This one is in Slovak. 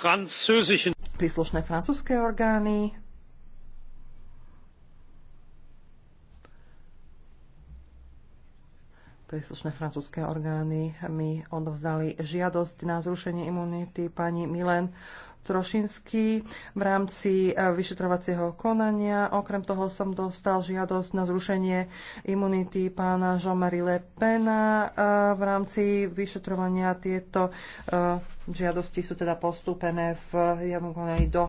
französischen príslušné francúzske orgány príslušné francúzske orgány mi odovzdali žiadosť na zrušenie imunity pani Milen Trošinský v rámci e, vyšetrovacieho konania. Okrem toho som dostal žiadosť na zrušenie imunity pána Jean-Marie Le Pena e, v rámci vyšetrovania. Tieto e, žiadosti sú teda postúpené v javnom konaní do